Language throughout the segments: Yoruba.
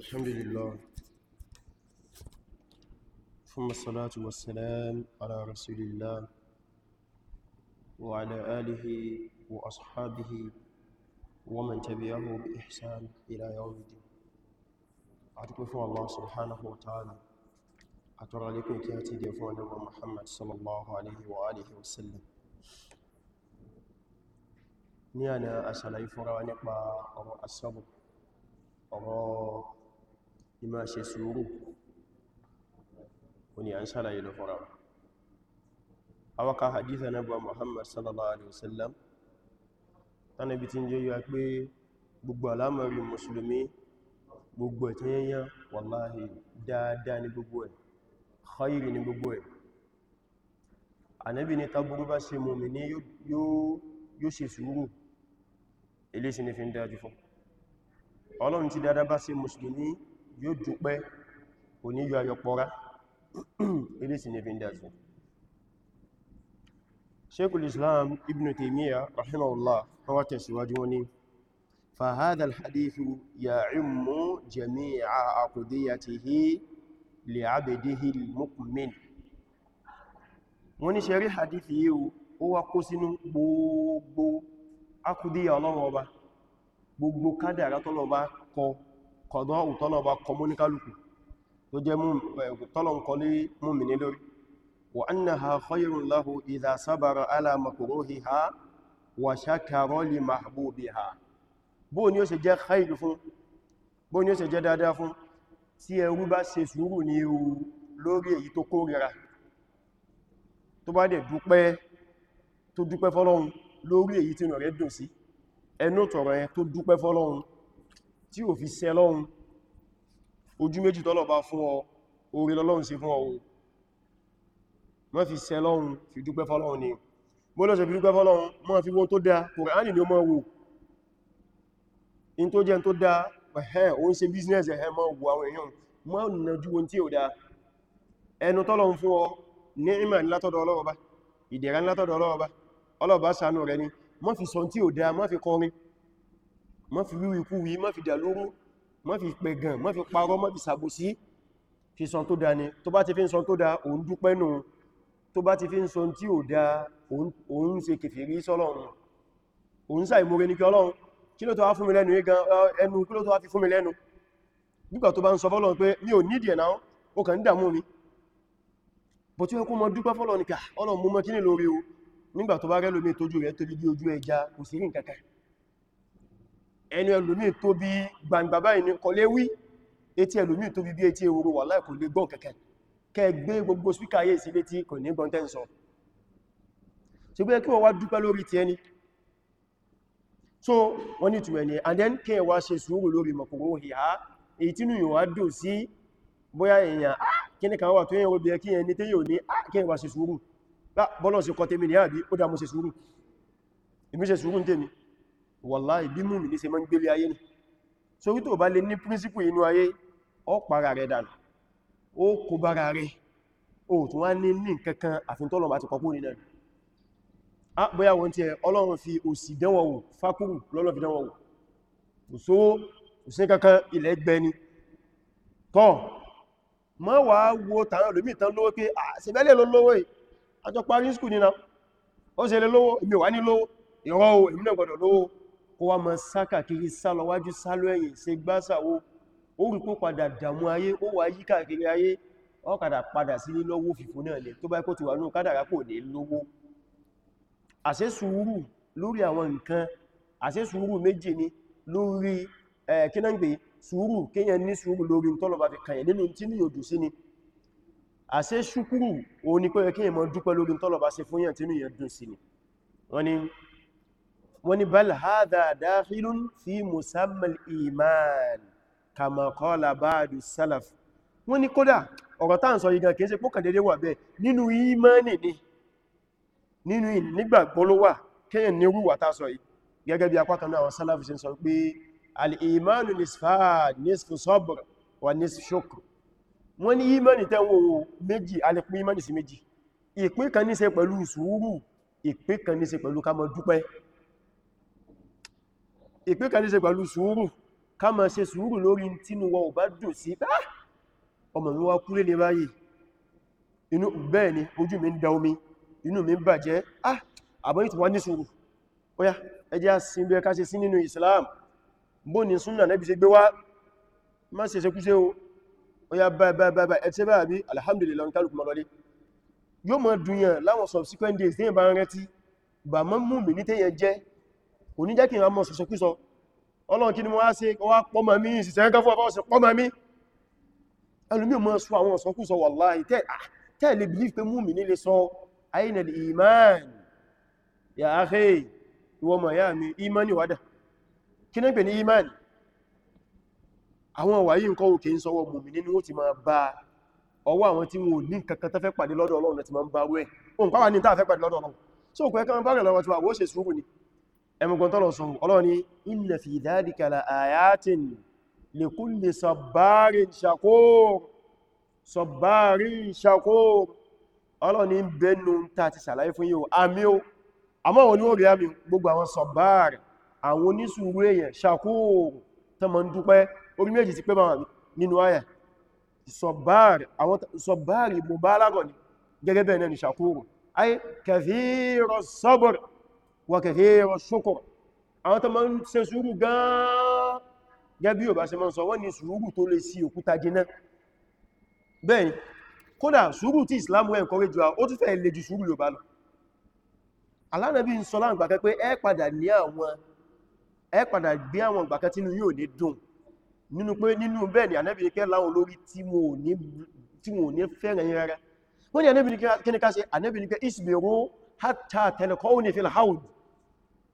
الحمد لله ثم الصلاة والسلام على رسول الله وعلى آله وأصحابه ومن تبعه بإحسان إلى يوم الدين أتكفو الله سبحانه وتعالى أترى لكم كاتي ديفونا محمد صلى الله عليه وآله وسلم ní àná àṣàlàyé fọ́nra wa nípa ọ̀rọ̀ asọ́bù ọ̀rọ̀ ìmá ṣe sùúrù wani an ṣàlàyé lọ fọ́nà awaka hadita na buwa muhammad sallallahu alaihi wasallam tánà bí tí ń jẹ́ yíwa pé gbogbo alámarin musulmi gbogbo ẹ̀ tẹ́yẹnyà wallahi dáadáa ni gbogbo ẹ̀ khairi ni gbogbo ẹ̀ ànábì ni tabburu bá ṣe mọ̀mí ní yóò ṣe sùúrù ilé ṣe ni fi ń dájú fún ọlọ́run ti dáadáa bá ṣe musulmi yóò dúpẹ́ kò ní yọ ayọpọra ilé sí ní vindazu Sheikhul Islam Ibn Taymiyyah rahimahullah wọ́n tẹ̀síwájú wọn ni فهذا الحديث يعم جميع عقديته لعبده المؤمن wọ́n ní ṣẹ̀rí hadithi yíò ó wá kó sínú gbogbo akúdíyà ọlọ́run ọba gbogbo kádàrá tọ́lọ́run kọ kọ̀dọ̀ òtọ́lọ̀bà kọmúnikálùkù tó jẹ́ tọ́lọ̀nkọlé múmìnì lórí wa annaha khayrun lahu idha sabara ala makruhiha wa shakara li mahbubiha bó ni ó ṣe jẹ́ khayr fún bó ni ó ṣe jẹ́ dáadáa fún tí ẹrú bá ṣe sùúrù ní lórí èyí tó kórìíra tó bá dẹ̀ dúpẹ́ tó dúpẹ́ fọ́lọ́run lórí èyí tí inú rẹ̀ tí ò fi sẹ lọ́run ojú méjì tọ́lọ̀ bá fún ọ orí lọ́lọ́run sí fún ọwọ́ má fi sẹ lọ́run fi dúpẹ́ fọ́lọ́run ni mo lọ́sẹ̀ fi dúpẹ́ fọ́lọ́run má fi wọ́n tó dá Kùránì ni ó máa wò in tó jẹ́ tó dá ẹ̀hẹ́ òun ṣe business ẹ̀hẹ́ máa wò àwọn èèyàn má nà ju ohun tí ò dá ẹnu tọ́lọ́run fún ọ ní ìmà látọ̀dọ̀ ọlọ́ọ̀bá ìdẹ̀ra látọ̀dọ̀ ọlọ́ọ̀bá ọlọ́ọ̀bá ṣàánú rẹ̀ ni má fi sọ tí ò dá má fi kọrin má fi wíwí kú wí má fi dà lóró má fi pẹ̀gàn má fi parọ́ má fi ṣàbòsí fi sọ tó dá ni tó bá ti fi ń sọ tó dá òun dúpẹ́ nù tó bá ti fi ń sọ tí ò dá òun ṣe kèfèrí sọ́lọ́run òun sáì mọ́rẹ́ ní kí ọlọ́run kí ló tó wá fún mi lẹ́nu igan ẹnu kí ló tó wá fi fún mi lẹ́nu nígbà tó bá ń sọ fọ́lọ́run pé mi ò nídìí ẹ̀nà ó kàn ń dàmú mi bọ̀ tí ó kó mọ dúpẹ́ fọ́lọ́run ní ká ah, ọlọ́run mú mọ́ kí ní lórí o nígbà tó bá rẹ́ lómi tójú rẹ̀ tóbi bí ojú ẹja kò sí rí ẹnu ẹlòmí tó bí gbangba báyìí ní kọlé wí etí ẹlòmí tó bí bí etí ehoro wà láì kò lè gbọ́n kẹ̀kẹ́ kẹ gbé gbogbo spíkà ayé sí létí kò ní gbọ́n tẹ́ǹsọ̀ ṣe so wọ́n ní and then kí ẹ wá ṣe sùúrù lórí mọ̀kòrò ìhá èyí tínú ìwà dùn sí bóyá èèyàn ah, kí ní kan wà tó yẹn obìnrin kí ẹni tí yóò ní ah, kí ẹ wá ṣe sùúrù ah, bọ́lọ̀ sí àbí ó dá mo ṣe sùúrù èmi ṣe tèmi wallahi bí mú mi ní ṣe mọ́ ń gbélé ayé ni so wí tó bá lè ní príncipù inú ayé ó para rẹ̀ dànù ó kó bára rẹ̀ ó tún wá ní ní kankan àfintọ́lọ̀ ti kọkó ní náà bóyá wọ́n ti ẹ̀ ọlọ́run fi òsì dánwò wò fákúrù lọ́lọ́ fi dánwò wò kò sówó kò sí kankan ilẹ̀ gbẹ ni tọ́ mọ́ wà á wo tàwọn lómi tán lówó pé àṣìbẹ́lẹ̀ ah, ló lówó yìí àjọ lówó kó wá ma sáka kiri sálọ wájú sálọ ẹ̀yìn ṣe gbásàwó ó rí kó padà dàmú ayé ó wà yí káàkiri ayé ó kàdà padà sí ní lọ́wọ́ fìfò náà lẹ tó bá kó ti wà ní kádàrá kò ní lówó àṣẹ sùúrù lórí àwọn nǹkan àṣẹ sùúrù méjì ni lórí kínáǹgbé sùúrù kéyàn ní sùúrù lórí tọ́lọ̀bá fi kàyẹ̀ nínú tí ní òdù sí ni àṣẹ ṣúkúrù òun ni pé kéyàn mọ́ dúpẹ́ lórí tọ́lọ̀bá ṣe fún yàn tí ní dùn sí ni wọ́n ni wọ́n ni bal hadha dakhilun fi musammal iman kama qala ba'du salaf wọ́n ni kódà ọ̀rọ̀ tá ń sọ yìí gan kìí ṣe pọ́kàn dédé wà bẹ́ẹ̀ nínú ìmánì ni nínú ìnígbàgbọ́ ló ní rúwà tá sọ gẹ́gẹ́ bí apá kan náà àwọn sálàfì sọ pé al-imanu nisfan ìpín kan ní ṣe pẹ̀lú sùúrù ìpín kan ní ṣe pẹ̀lú ká dúpẹ́ ìpín kan ní ṣe pẹ̀lú sùúrù ká ma ṣe sùúrù lórí tínú wa ò bá dùn sí pé ọmọ mi wá kúlé ní báyìí inú bẹ́ẹ̀ ni ojú mi ń da omi inú mi bàjẹ́ ah àbọ̀ ìtùwà ní sùúrù ó yá ẹ jẹ́ á sin bí Islam bó ni súnà nẹ́bí ṣe gbé wá má ṣe ṣe kúṣe o ó yá báyìí báyìí báyìí ẹ ti báyìí bí alhamdulillah ní kálùkù mọ́lọ́lé yóò mọ́ dùnyàn láwọn subsequent days tí yẹn bá ń rẹ́tí bà mọ́ mú mi kò ní jẹ́ kí ìran mọ́ sọ̀sọ̀kúsọ ọlọ́run kí ni wọ́n á sí wá pọ́mọ̀ mí ìsìsẹ̀ ẹ̀kọ́ fún ọ̀fọ́sẹ̀ pọ́mọ̀ mí ẹlùmí mọ́ sọ àwọn sọ̀kúsọ wàláhì tẹ́ẹ̀lẹ̀ ah, believe pé múmi nílé sọ àìnà ìmán ya ahé ìwọ mọ̀ ya mi imani wádà kí náà pè ní imán àwọn wàyí nǹkan òkè ń sọwọ́ múmi nínú ó ti máa bá ọwọ́ àwọn tí wọn ò ní kankan tán fẹ́ pàdé lọ́dọ̀ ọlọ́run ti máa ń bá wẹ́ òun pàwà ní tàà fẹ́ pàdé lọ́dọ̀ ọlọ́run so kò ẹ̀kan bá rẹ̀ lọ́wọ́ tí wà wó ṣe sùúrù ni ẹmùgbọ́n tọ́lọ̀ sọ Ọlọ́run ní inna fi dhalika la ayatin li kulli sabbarin shakur sabbarin shakur Ọlọ́run ní bẹnu tàti sàlàyé fún yíò àmì o àmọ́ wọn ni ó rí àmì gbogbo àwọn sabbar àwọn onísùúrú èèyàn shakur wa kathira shukr àwọn tó ma ń ṣe sùúrù gan-an gẹ́bí ò bá ṣe ma ń sọ wọ́n ni sùúrù tó lè sí òkúta jiná bẹ́ẹ̀ni kódà sùúrù tí islamu ẹ̀ kọwé jùwa ó tún fẹ́ lè ju sùúrù Yorùbá lọ alánàbí ń sọ láǹgbàkẹ́ pé ẹ padà ní àwọn ẹ padà gbé àwọn ìgbàkẹ́ tínú yóò ní dùn nínú pé nínú bẹ́ẹ̀ ni ànẹ́bì ní kẹ́ láwọn olórí tí wọ́n ní fẹ́ràn yín rárá wọ́n ni ànẹ́bì ní kẹ́ isbiru hatta talqawni fil hawd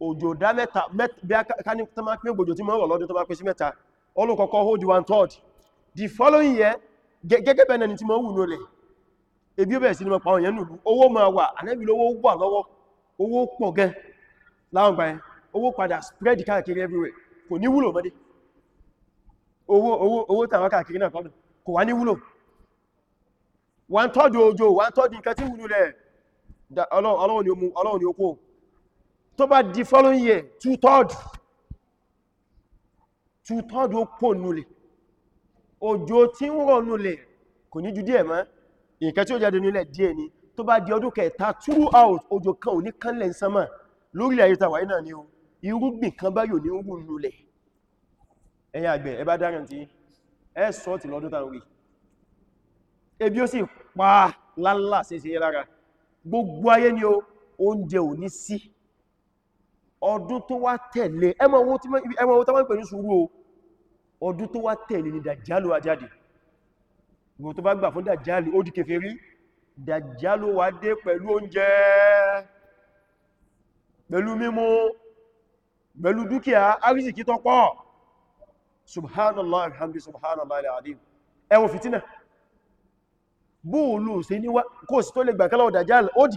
òjò dá mẹ́ta bí a ká ní tó máa pín òjò tí mọ́ rọ̀ lọ́dún tó máa pín sí mẹ́ta olùkọ̀kọ́ hold one third the following year gẹ́gẹ́ bẹ̀rẹ̀ ni tí mọ́ wù ní olè ebi ó bẹ̀rẹ̀ sí ni mọ́ pàwọn yẹn owó máa wà anẹ́bí lówó wà lọ́wọ́ owó pọ̀ tó bá di following year two-third two-third ó pò nulẹ̀ òjò tí ń rọ̀ nulẹ̀ kò ní ju díẹ̀ mọ́ ìkẹ́ tí ó jáde nílẹ̀ díẹ̀ ni tó bá di ọdún kẹta throughout òjò kan ò ní kánlẹ̀ sánmà lórí ayẹta wáyé ni o irúgbìn kan bá yóò ní rú nulẹ̀ ẹ̀yin àgbẹ̀ ẹ bá dára tí ẹ sọ́ ti lọ́dún tàn wí ebi ó sì pa lálà sí sí lára gbogbo ayé ni o oúnjẹ ò ní sí ọdún tó wá tẹ̀lé ẹmọ owó tó wọ́n pẹ̀lú sùúrù o ọdún tó wá tẹ̀lé ni dàjálò wá jáde ìwọ̀n tó bá gbà fún dàjálò ó di kèfèrí dàjálò wá dé pẹ̀lú oúnjẹ pẹ̀lú mímu pẹ̀lú dúkìá arísìkí tó pọ̀ subhanallah alhamdi subhanallah alazim ẹ wo fìtínà bóòlù sí ní wá kó sì tó lè gbà kálọ̀ dàjálò ó di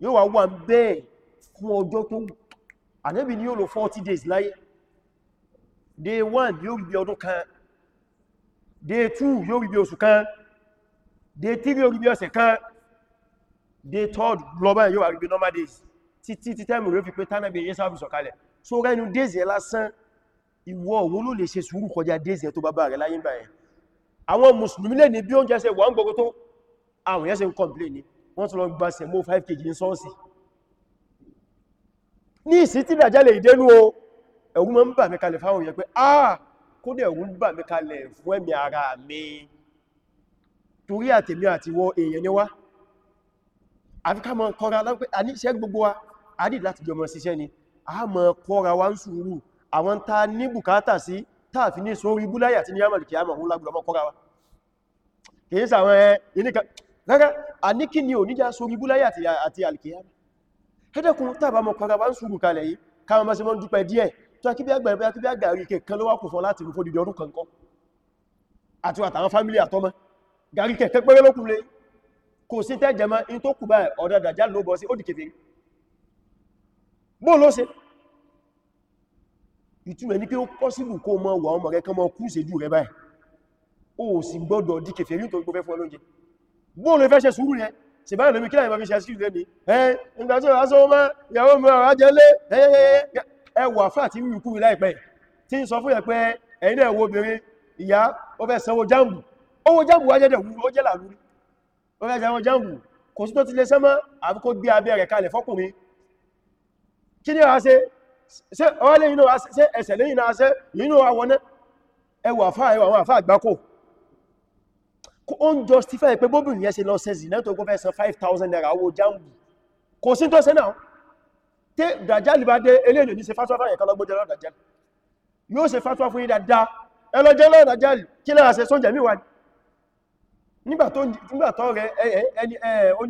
yóò wà wà bẹ́ẹ̀ fún ọjọ́ tó ànábì ni yóò lò 40 days láyé day 1 yóò rí bí ọdún kan day 2 yóò rí bí oṣù kan day 3 yóò rí bí ọ̀sẹ̀ kan day 3 global yóò wà rí bí normal days títí tí tẹ́mù rẹ̀ fi pé tánàbí yẹ́ sáàbì sọ̀kalẹ̀ so rẹ́nu days yẹ lásán ìwọ òun ló lè ṣe sùúrù kọjá days yẹ tó bá bá rẹ̀ láyé báyẹn àwọn mùsùlùmí lè ní bí oúnjẹ ṣe wà ń gbogbo tó àwọn yẹ́ ṣe ń complain wọ́n tún lọ gba sẹ̀mó 5 kg ní sọ́ọ̀sì ní ìsí tí dàjálẹ̀ ìdénú o ẹ̀rù mọ́ ń bà mí kalẹ̀ fáwọn èèyàn pé ah kó dẹ̀ ẹ̀rù ń bà mí kalẹ̀ fún ẹ̀mí ara mi torí àtèmi àti wọ èèyàn ni wá àfi ká mọ́ kọ́ra lápẹ́ àníṣẹ́ gbogbo wa àdì láti jọ mọ́ ṣiṣẹ́ ni a mọ́ kọ́ra wa ń sùúrù àwọn ta ní bùkátà sí táàfi ní sórí búláyà tí ní àmàlìkì àmà òun lágbùlọmọ́ kọ́ra wa kìí sàwọn ẹni rárá a ní kí ni oníjà sórí búláyà àti alkiyama ẹ́dẹ́kun tàbà mọ̀ karaba ń sùúrù kalẹ̀ yìí karama sí mọ́n dúpẹ́ díẹ̀ tó akíbí agbẹ̀rẹ̀ akíbí agbẹ̀rí kẹkàn ló wá kò fún láti rúfó dìdì ọdún kankan àti àtàwọn fámílì àtọ́mọ́ gàrí kẹkẹ́ pẹ́rẹ́ lókun lé kò sí tẹ́jẹmọ́ in tó kù báyìí ọ̀dọ̀ dàjá ló bọ́ sí ó dìkẹfẹ́ bó ló ṣe ìtumẹ̀ ní pé ó pọ́sílù kó mọ́ wà ọmọ rẹ kán mọ́ kú ìṣẹ́jú rẹ báyìí ó sì gbọ́dọ̀ dìkẹfẹ́ nítorí pé fún ọlọ́jẹ́ bóò lè fẹ́ ṣe sùúrù yẹn ṣe báyìí lómi kíláyìn bọ́bí ṣe sí ìlú ẹni ẹ́ ìgbà tí wọ́n sọ mọ́ ìyàwó mi ọ̀rọ̀ ajẹ́ lé ẹwà fà tí wíwí kúrì láìpẹ́ tí ń sọ fún yẹn pé ẹ̀yin náà wo obìnrin ìyá ó fẹ́ sanwó jáàmù owó jáàmù wájẹ́ dẹ̀ wúrú ó jẹ́ làlúrí ó fẹ́ sanwó jáàmù kò sí tó ti lè sẹ́mọ́ àbí kó gbé abẹ́ rẹ̀ kalẹ̀ fọ́kùnrin kí ni wàá ṣe ṣe ọwọ́ lẹ́yìn náà ṣe ẹsẹ̀ lẹ́yìn náà ṣe yìí náà wọ́n ẹwà fà ẹwà àwọn àfà àgbákò ó ń justify pé bóbìnrin yẹn ṣe lọ ṣe zìnà tó kó fẹ́ san 5,000 naira owó jambu kò sí tó ṣe náà tí dàjálì bá dé eléèdè ní ṣe fásitì fáyẹ̀ kan lọ́gbọ́jẹ́ lọ́dà jálì yóò ṣe fásitì fún ìdá dá ẹlọ́jẹ́ lọ́dà jálì kí lára ṣe sóúnjẹ mí wà nígbà tó rẹ ẹni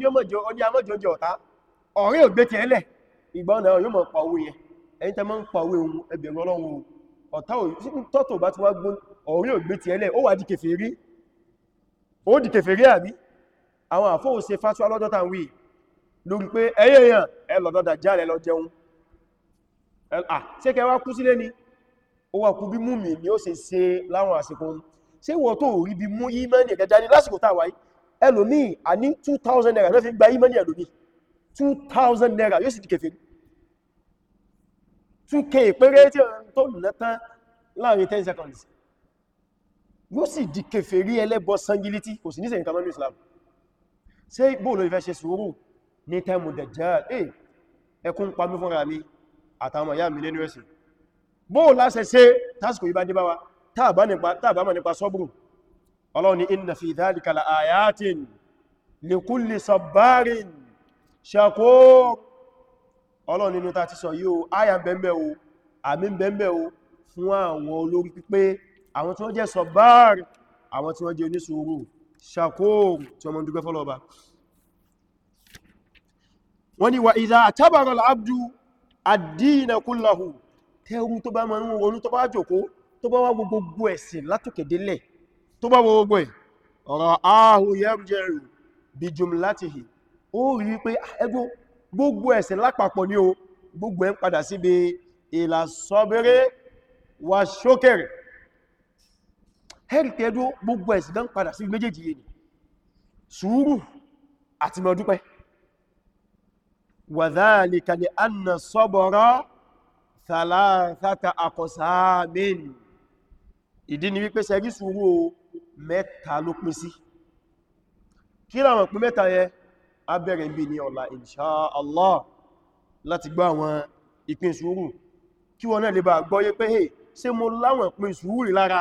amọ́jọ́jọ́ ọ̀tá ọ̀rẹ́ ògbé ti ẹlẹ̀ ìgbọ́n náà yóò mọ̀ pàwó yẹn ẹni tẹ́ mọ́ ń pàwó ohun ẹbẹ̀rún ọlọ́run ọ̀tá òtọ́tò bá ti wá gbọ́n ọ̀rẹ́ ògbé ti ó di kèfèrí àbí àwọn àfóò ṣe fásitì alọ́dọ́ta wí lórí pé ẹyẹ èèyàn ẹ lọ́dọ̀ Dajjal lọ jẹun ṣé kẹ wá kú sílé ni ó wà kú bí mú mi ni ó ṣe ṣe láwọn àsìkò ṣé wọ́n tó rí bí mú ìmánì ẹ̀gẹ́ jáde lásìkò tàwà ẹlòmíì a naira lọ́fẹ́ gba ìmánì 2k péré tí ó ń tó nẹ́tán láàrin 10 seconds yóò sì di kèfèrí ẹlẹ́bọ sangiliti kò sì níṣẹ́ nǹkan mọ́ Islam ṣe bóòlò ìfẹ́ ṣe sùúrù ní tẹ́mù Dajjal eh ẹkún pamí fúnra mi àtàwọn ìyá mi nínú ẹ̀sìn bóòlò láṣẹ ṣe tásìkò ìbá díbá wa tàbá nípa sọ́bùrù Ọlọ́run ni àwọn tí wọ́n jẹ́ sọ̀báàrì àwọn tí wọ́n jẹ́ onísùúrù ṣàkóòrù tí wọ́n dúgbẹ́ fọ́lọ́ba wọ́n ni wà ìdá àtàbàrà al'abdu àdínà kúláhù tẹ́rù tó bá ma ń ronú tó bá jòkó tó bá wá gbogbo ẹ̀sìn látòkèdélẹ̀ tó bá gbogbo ẹ̀ ọ̀rọ̀ ahù yẹ́rù bí jùmlátìhì ó rí wípé ah, ẹgbó gbogbo ẹ̀sìn lápapọ̀ ní o gbogbo ẹ̀ ń padà síbi ìlà sọ́bẹ̀rẹ̀ wà ṣókẹ̀rẹ̀ hẹ́rì pé ẹdú gbogbo ẹ̀sì gan padà sí méjèèjì yìí ni sùúrù àti mọ̀dúpẹ́ wa dhalika li anna sabra thalathata aqsamin ìdí ni wípé sẹ́rí sùúrù mẹ́ta ló pín sí kí láwọn pín mẹ́ta yẹ abẹ́rẹ̀ bí ní ọ̀la insha Allah láti gbọ́ àwọn ìpín sùúrù kí wọ́n náà lè bá gbọ́yé pé hey ṣe mo láwọn ìpín sùúrù lára